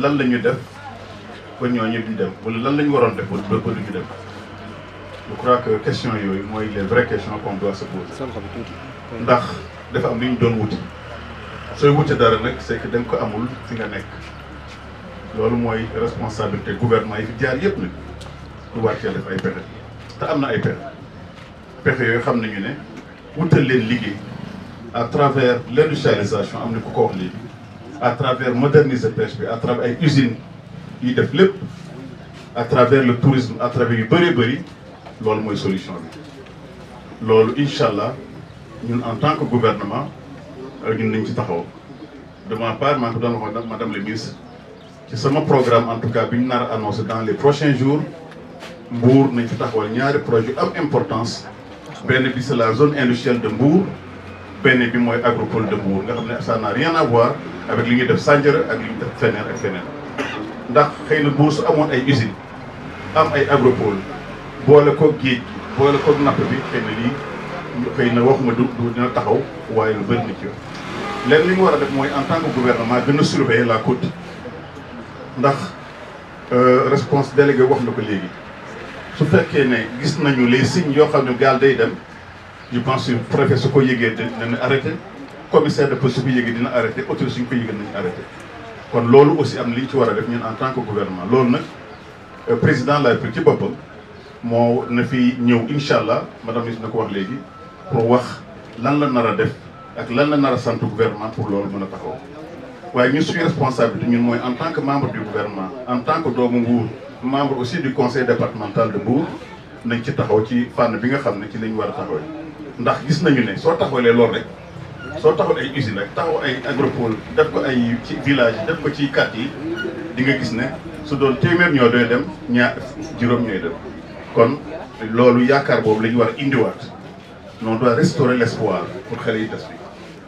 lan lañu def ba ñooñu di dem wala lan lañu ñu waroon def ba ba du ñu dem je crois que question yooyu mooy les vraies questions qu'on doit se poser. ndax dafa am lu ñu doon wuti sooy wuti dara nag c'est que da ko amul fi nga nekk loolu mooy responsabilité gouvernement yi fi jaar yëpp nag ñu war cee def ay pexe te am na ay pexe pexe yooyu xam nañu ne wutal leen liggéey à travers l'industrialisation am na ku ko wax léegi à travers moderniser pêche à travers les usines yi à travers le tourisme à travers les bëree bëri c'est la solution bi Inch'Allah, nous, en tant que gouvernement euh, nous nañ ci de ma part madame le ministre ci sama programme en tout cas qui annoncé dans les prochains jours Mbour nañ ci un projet d'importance importance c'est la zone industrielle de Mbour benn bi de Mbour ça n'a rien à voir avec li ñuy def Sandiara ak li ñuy def feneen ak feneen ndax xëy na buur su amoon ay usines am ay agropole boole koog géej boole koog napp bi xëy na lii xëy na waxuma du dina taxaw waaye lu bëri na ci leen li mu war a def mooy en tant que gouvernement gën a surveiller la côte ndax euh, réponse délégué wax na ko léegi su fekkee ne gis nañu les signes yoo xam ne gaal day dem je pense que préfet su ko yëgee dina arrêté commissaire de police bi yëgee dina arrêté autre ce ko yëgal nañu arrêté kon lolu aussi am li ci wara def ñun en tant que gouvernement loolu le euh, président la République ci boppam moo na fi ñëw inshallah, madame ministre na ko wax léegi pour wax lan la nara def ak lan la nara sant gouvernement pour lolu mëna taxaw waye ñu suñu responsabilité ñun moy en tant que membre du gouvernement en tant que doomu nguur membre aussi du conseil départemental de Bourg, nañ ci taxaw ci fan bi nga xamne ne ci lañ wara taxaw ndax gis nañu ne so taxawé lolu rek soo taxone ay usines ak taxo ay agropole def ko ay ci village def ko ci quartier di nga gis ne su doon téeméer ñoo doy dem ñaar juróom ñooy dem kon lolu yaakaar boobu lañu war indi wat on doit restaurer l'espoir pour xale yi des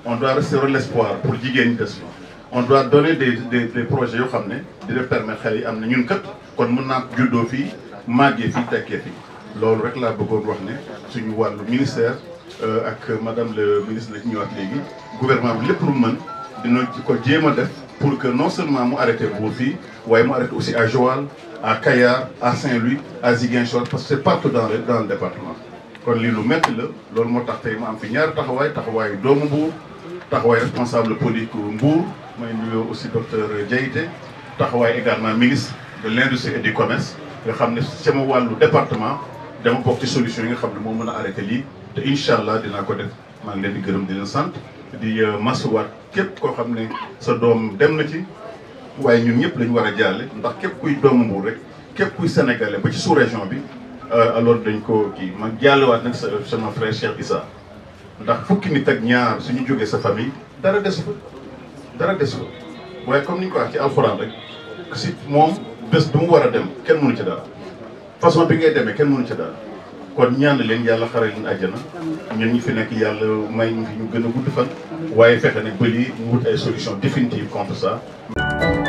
on doit restaurer l'espoir pour jigen ñi des bi on doit donner des des des projets yo xam di le permettre xale yi amna ñun kat kon mën naa juddoo fii fi fii fi fii loolu rek la bëggoon wax ne suñu walu ministère. Euh, avec madame le ministre la ci ñëwaat léegi gouvernement le lépp lu mu mën pour que non seulement mu arrête buur fii arrête mu aussi à Joal à Kayar à Saint-Louis à Ziguinchor parce que c'est partout dans le dans le département kon lii lu métti la loolu moo tax tey ma am fi ñaari taxawaay taxawaayu doomu Mbour taxawaay responsable politique mais may nuyoo aussi docteur Diaité taxawaay également ministre de l'industrie et du commerce Le xam ne sama le département dama bokk ci solution yi nga xam ne a arrêté te incha allah dinaa ko def maa ngi leen di gërëm di leen sant di euh, masuwaat képp koo xam ne sa doom dem na ci waaye ñun ñëpp lañu war a jaale ndax képp kuy doomu Mbuur rek képp kuy sénégalais ba ci sous région bi euh, alors dañ ko kii ma jàllewaat nag sa sama frère Cheikh Issa ndax fukki nit ak ñaar suñu jógee sa famille dara des fa dara des fa waaye comme ni ñu ko wax ci alxuraan rek si moom bés bu mu war a dem kenn mënu ci dara façon bi ngay demee kenn mënu ci dara kon ñaan leen yàlla xaral leen àjjana ñun ñu fi nekk yàlla may ñu fi ñu gën a gudd fan waaye fexe ne ba lii mu wut ay solution définitive contre ça